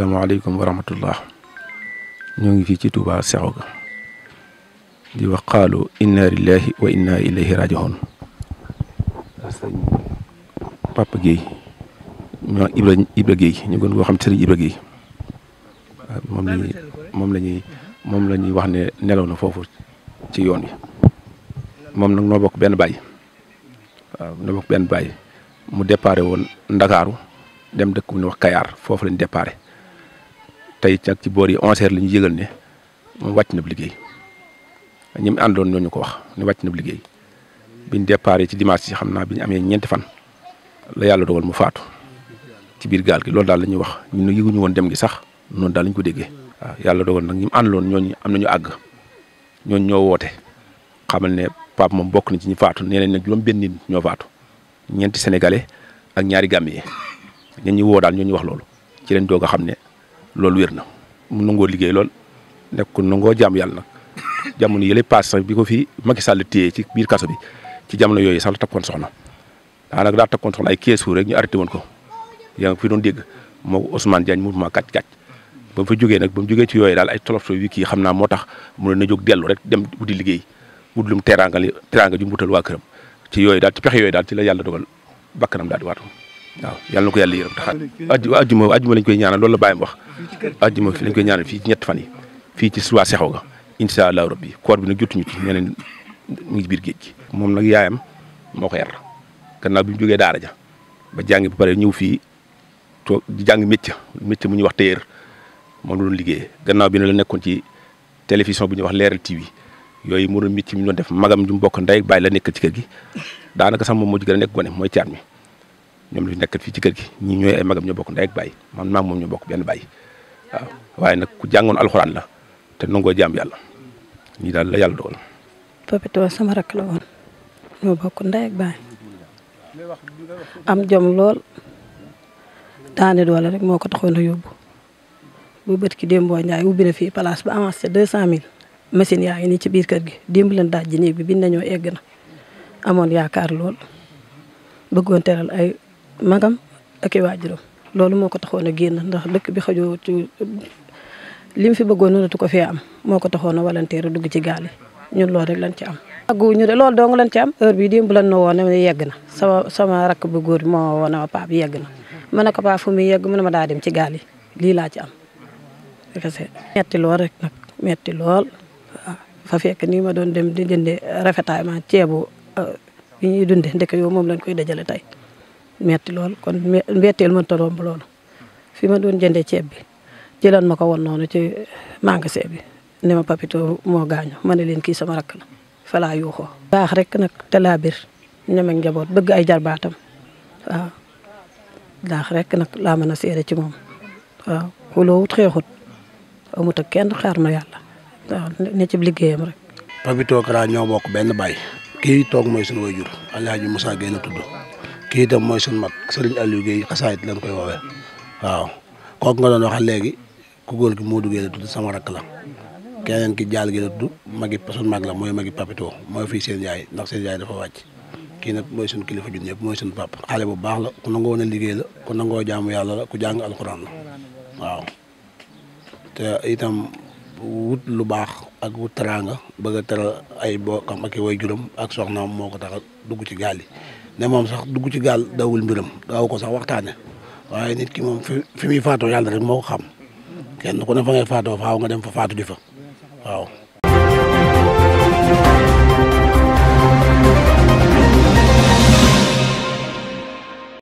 asalaamaaleykum wa rahmatullah ñoo ngi fii ci Touba Seexu ga di wax qaalu inna lillahi wa inna ilayhi rajiun sëñ Papa Guèye Ibra Ibra Guèye gën koo xam sëriñ Ibra Guèye ah, moom la ñuy moom la ñuy wax ne nelaw na foofu ci yoon wi moom nag noo bokk benn baay waaw noo bokk benn baay mu déparé woon Ndakaaru dem dëkk bu ñuy wax Kayaar foofu lañu déparé tey ak ci boor yi 11 heures la ñu yëgal ne moom wàcc na bu liggéey ñi mu àndoon ñoo ñu ko wax ne wàcc na liggéey biñ départ ci dimanche yi xam naa bi ñu amee ñeenti fan la yàlla dogal mu faatu ci biir gaal gi loolu daal la ñuy wax ñun yëguñu woon dem ngi sax noonu daal la ñu ko déggee. waaw yàlla dogal nag ñi mu àndaloon ñooñu am nañu àgg ñooñu ñoo woote xamal ne Pape moom bokk na ci ñu faatu nee nañ nag juróom benn nit ñoo faatu ñeenti sénégalais ak ñaari gambie ñi ñu woo daal ñoo ñu wax loolu ci leen doog a xam ne loolu wér na mu nangoo liggéey lool nekk nangoo jaam yàlla nag jamono yële paas sax bi ko fi Macky Sall téye ci biir kaso bi ci jamono yooyu sax la takkoon soxna daanaka daa takkoon soxna ay keesu rek ñu arrêté woon ko yaa ngi fi doon dégg moo ko Ousmane Diagne mouvement kàcc kàcc ba mu fa jógee nag ba mu jógee ci yooyu daal ay tolof yu kii xam naa moo tax mu ne na jóg dellu rek dem wuti liggéey wut lum teraanga li teraanga ju mu wutal waa këram ci yooyu daal ci pexe yooyu daal ci la yàlla dogal bakkanam daal di waatu waaw yàlla na ko yàlla yërëm taxaat ajjuma ajjuma lañ koy ñaanal loolu la bàyyam wax ajjuma lañ koy ñaanal fii ci ñett fan yi fii ci waa sexaw ga incha allah bi koor bi nag jotuñu ci ñeneen biir géej gi moom nag yaayam moo ko yar gannaaw bi mu jógee daara ja ba jàngi ba pare ñëw fii toog di jàng métier métier mu ñuy wax téyër moom la doon gannaaw bi ne la nekkoon ci télévision bu ñu wax leeral TV yooyu mu doon métier mi ñu def magam ju mbokk ndey baay la nekk ci kër gi daanaka sax moom moo ci gën a mooy caat ñoom la fi nekkal fii ci kër gi ñi ñooy ay magam ñoo bokk ndey ak bay man maam moom ñoo bokk benn baay waaye nag ku jàngoon alxuraan la te nangoo jaam yàlla ñii daal la yàlla dogal. Papito sama rakk la woon ñoo bokk ndey ak baay am jom lool daane doole rek moo ko taxoon a yóbbu bu bët ki Demba ñaay ubbi na fii place ba avancé deux cent mille machine yaa ngi nii ci biir kër gi démb leen daaj ji néeg bi biñ nañoo egg na amoon yaakaar lool bëggoon teral magam ak i waajuram loolu moo ko taxoon a génn ndax dëkk bi xajoo ci li mu fi bëggoon mënatu ko fee am moo ko taxoon a walanteer dugg ci gaal yi ñun loolu rek lañ ci am. àgguwu ñu de loolu dong lañ ci am heure bii démb lan la woon ne yegg na sama sama rakk bu góor moo woon ma paap yegg na ma ne ko paap fu muy yegg mu ne ma daa dem ci gaali lii laa ci am. metti lool rek nag metti lool waaw fa fekk nii ma doon dem di jëndee rafetaay ma ceebu bi euh, ñuy dundee ndeke yow moom lañ koy dajale tey. metti lool kon mbetteel mënut a romb loolu fi ma doon jëndee ceeb bi jëlan ma ko woon noonu ci magasin bi ne ma papito mo gaañu ma ne leen kii sama rakk la fa laa yuuxoo baax rek nag te laa bir ñeme njaboot bëgg ay jarbaatam waaw baax rek nag laa mën a seede ci moom waaw xuloowut xeexut amut ak kenn xaar ma yàlla waaw ne ci liggéeyam rek. papito Kara ñoo bokk benn baay kii kii itam mooy suñu mag sëriñ Aliou Guèye xasaayit lañ koy woowee waaw kooku nga doon wax a léegi ku góor gi Modou Guèye la tudd sama rakk la keneen ki jaal gi la tudd magi suñu mag la mooy magi papito mooy fii seen yaay ndax seen yaay dafa wàcc kii nag mooy suñ kilifa jun ñëpp mooy suñu pap xale bu baax la ku nangoo woon a liggéey la ku nangoo jaamu yàlla la ku jàng alxuraan la waaw te itam wut lu baax ak wut teraanga bëgg a teral ay bokkam ak i way juróom ak soxnaam moo ko tax dugg ci gaal yi ne moom sax dugg ci gaal dawul mbiram daaw ko sax waxtaane waaye nit ki moom fi fi muy faatoo yàlla rek moo xam kenn ku ne fa ngay faatoo faaw nga dem fa faatu di fa waaw